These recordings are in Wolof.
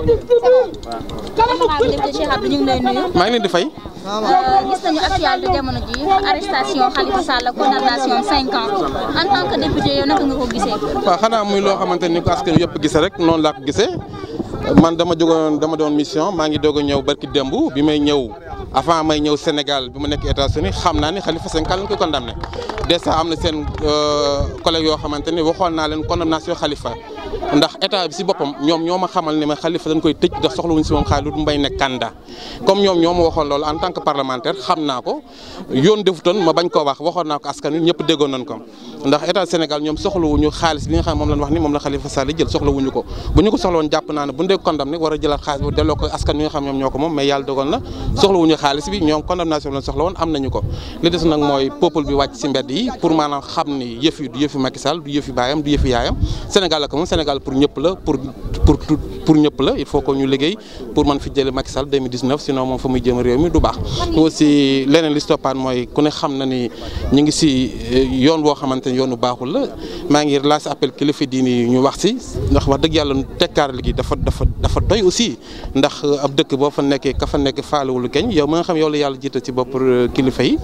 maa ngi leen di fay. Euh, gis nañu muy loo xamante ni ko askan yëpp gisee rek noonu laa ko gisee man dama jógoon dama doon mission maa ngi doog a ñëw barki démb bi may ñëw avant may ñëw Sénégal bi ma nekk États-Unis xam naa ni Khalifa cinq ans lañ ko condamné. dèjà am na seen euh, collègue yoo xamante ni waxoon naa leen condamnation Khalifa. ndax état bi si boppam ñoom ñoo ma xamal ni ma xalifa dañ koy tëj ndax soxla wuñ si moom xaalis du mbay nekk candidat comme ñoom ñoo ma waxoon loolu en tant que parlementaire xam naa ko yoon defutoon ma bañ koo wax waxoon naa ko askan wi ñëpp déggoon nañ ko ndax état Sénégal ñoom soxlawuñu xaalis bi nga xam moom lañ wax ni moom la Khalifa Sall jël soxlawuñu ko bu ñu ko soxlawoon jàpp naa bu ñu dee war a jëlaat xaalis bi delloo ko askan wi nga xam ñoom ñoo ko moom mais yàlla dogal na soxlawuñu xaalis bi condamnation bi lañ soxla woon am nañu ko li des nag mooy peuple bi wàcc ci mbedd yi pour maanaam xam ni yëf du yëfi Macky Sall du yëfi baayam du yëfi yaayam Sénégal la ko moom Sénégal pour ñëpp la pour tout pour ñëpp la il faut que ñu liggéey pour man fi jëlee Macky Sall 2019 sinon moom fa muy jëm réew mi du baax. aussi leneen li si toppaan mooy ku ne xam na ni ñu ngi si eh, yoon boo xamante ni yoonu baaxul la maa ngi lancé appel kilifa diini ñu wax si ndax wax dëgg yàlla tekkaar gi dafa dafa dafa doy aussi ndax eh, ab dëkk boo fa nekkee ka fa nekk faalewul gañ yow ma xam yow la yàlla jiital ci bopp eh, kilifa yi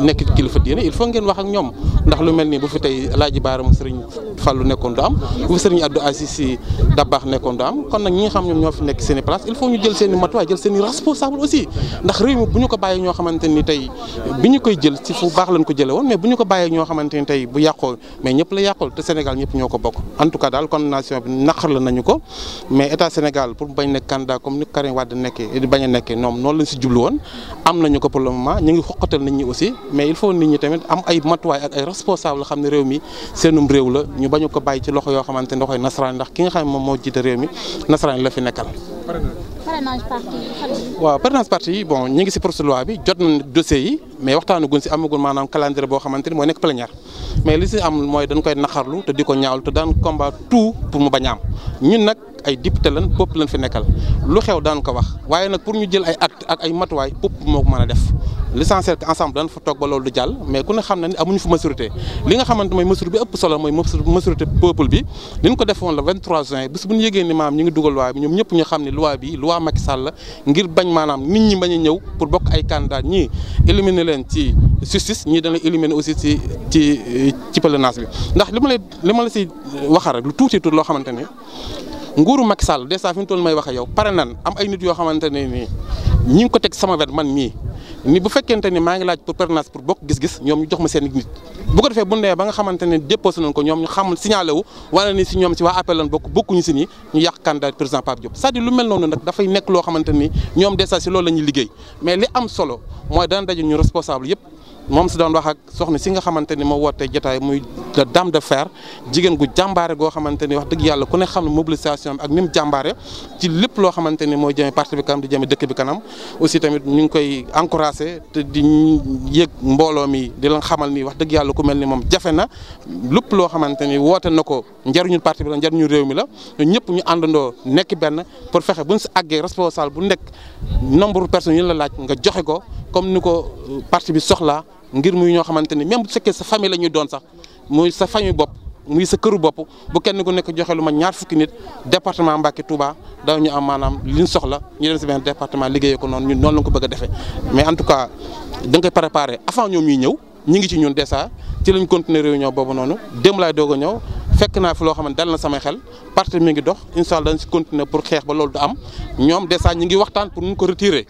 nekk kilifa diini il faut ngeen wax ak ñoom ndax lu mel ni bu fi tey Alaaji Baara mu Sëriñ Fallu nekkoon du am bu fi Sëriñ Abdou Aziz Sy Dabakh nekkoon kon du kon nag bi naqar la nañu ko mais état Sénégal pour bañ nekk candidat comme ni Karim Wade di a nekkee noonu lañ si jublu woon am nañu ko pour ñu ngi xoqatal nit ñi aussi mais il faut nit ñi tamit am ay matuwaay ak ay responsable xam ne réew mi seenum réew la ñu bañu ko bàyyi ci loxo yoo xamante ndax ki nga xam moom moo jiite réew mi nasaraan la fi nekkal. parrainage parti yi waaw parrainage parti bon ñu ngi si procès bi jot nañu dossier yi mais waxtaanu gun si amagul maanaam calendrier boo xamante ni mooy nekk plénière mais li si am mooy dañ koy naxarlu te di ko ñaawlu te daan combat tout pour mu bañ a ñun nag ay député lan peuple lan fi nekkal lu xew daan ko wax waaye nag pour ñu jël ay acte ak ay matuwaay peuple moo ko mën a def. l'essentiel que ensemble dañ fa toog ba loolu du jàll mais ku ne xam na ne amuñu fa maturité li nga xamante mooy maturité bi ëpp solo mooy maturité peuple bi ni ñu ko defoon le 23 juin bis bu ñu yégee ni maam ñu ngi dugal loi bi ñoom ñëpp ñu xam ne loi bi loi Macky Sall la ngir bañ maanaam nit ñi bañ a ñëw pour bokk ay candidat ñii éliminer leen ci justice ñii dañ la éliminer aussi ci ci ci parrainage bi ndax li ma lay li ma la si waxal rek lu tuuti tuuti loo xamante ne nguuru Macky Sall dèjà fi mu toll may wax yow pare nan am ay nit yoo xamante ne nii ñi ngi ko teg sama wet man mii ni bu fekkente ni maa ngi laaj pour permanence pour bokk gis-gis ñoom ñu jox ma seen nit bu ko defee bu nee ba nga xamante ne déposé nañ ko ñoom ñu xam signalé wu ni si ñoom si waa appel lan bokk bokkuñu si ni ñu yàq candidat président Pape Diop c'est-à-dire lu mel noonu nag dafay nekk loo xamante ni ñoom dèjà si loolu la ñuy liggéey mais li am solo mooy dana daje ñu responsable yëpp moom si doon wax ak soxna si nga xamante ni moo wootee jotaay muy la dame de fer jigéen gu jàmbaare goo xamante ni wax dëgg yàlla ku ne xam ne mobilisation bi ak ni mu jàmbaare ci loo xamante ni mooy jëmee parti bi kanam di jëmee dëkk bi kanam aussi tamit ñu ngi koy encouragé te di yëg mbooloo mi di la xamal ni wax dëgg yàlla ku mel ni moom jafe na lépp loo xamante ni woote na ko njariñu parti bi la njariñu réew mi la ñun ñëpp ñu àndandoo nekk benn pour fexe buñ si àggee responsable bu nekk nombre personnes yi la laaj nga joxe ko comme ni ko parti bi soxlaa ngir muy ñoo xamante ni même bu fekkee sa famille lañuy doon sax muy sa famille bopp muy sa këru bopp bu kenn ku nekk joxe lu ma ñaar fukki nit département Mbacké Touba daw ñu am maanaam liñ soxla ñu dem si benn département ko noonu ñun noonu ko bëgg a mais en tout cas da nga koy préparé avant ñoom ñëw ñu ngi ci ñun dèjà ci lañ continuer réunion boobu noonu démb laay doog ñëw fekk naa fi loo xam ne dal na samay xel parti mi ngi dox incha allah dañ si continuer pour xeex ba loolu du am ñoom dèjà ñu ngi waxtaan pour ñu ko retirer.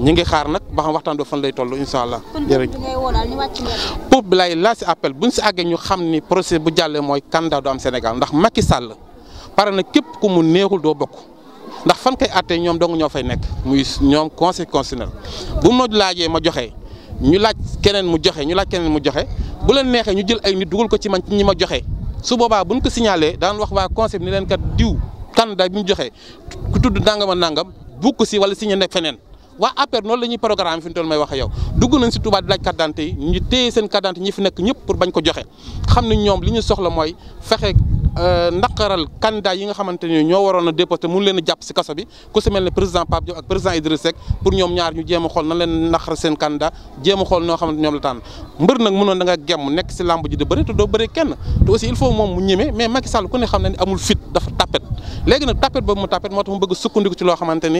ñi ngi xaar nag ba xam waxtaan bi fan lay toll incha allah. jërëjëf pop bi lay laa si appel bu ñu si àggee ñu xam ni procès bu jàllee mooy candidat du am Sénégal ndax Macky Sall pare na képp ku mu neexul doo bokk ndax fan koy àttee ñoom dong ñoo fay nekk muy ñoom conseil constitutionnel bu ma laajee ma joxe ñu laaj keneen mu joxe ñu laaj keneen mu joxe bu leen neexee ñu jël ay nit dugal ko ci man ci ñi ma joxe su boobaa bu ñu ko signalé daan wax waa conseil ni leen kat diw candidat bi mu joxe ku tudd nangam a nangam bu si wala si ñu nekk feneen waa APR noonu la ñuy fi ñu toll may wax ak yow dugg nañ si Touba di laaj carte yi ñu téye seen carte d'identité ñi fi nekk ñëpp pour bañ ko joxe xam ne ñoom li ñu soxla mooy fexe Euh, ndaqaral candidat yi nga xamante ne ñoo waroon a déposé mun leen a jàpp si kaso bi ku si mel président Pape Diop ak président Idriss Seck pour ñoom ñaar ñu jéem a xool nan leen naqaral seen candidat jéem a xool noo xamante ñoom la tànn mbër nag mënoon da nga gemm nekk si làmb ji di bëri te doo bëri kenn te aussi il faut moom mu ñeme mais Macky Sall ku ne xam ne ni amul fit dafa tapet léegi nag tapet boobu mu tapet moo tax mu bëgg sukkandiku ci loo xamante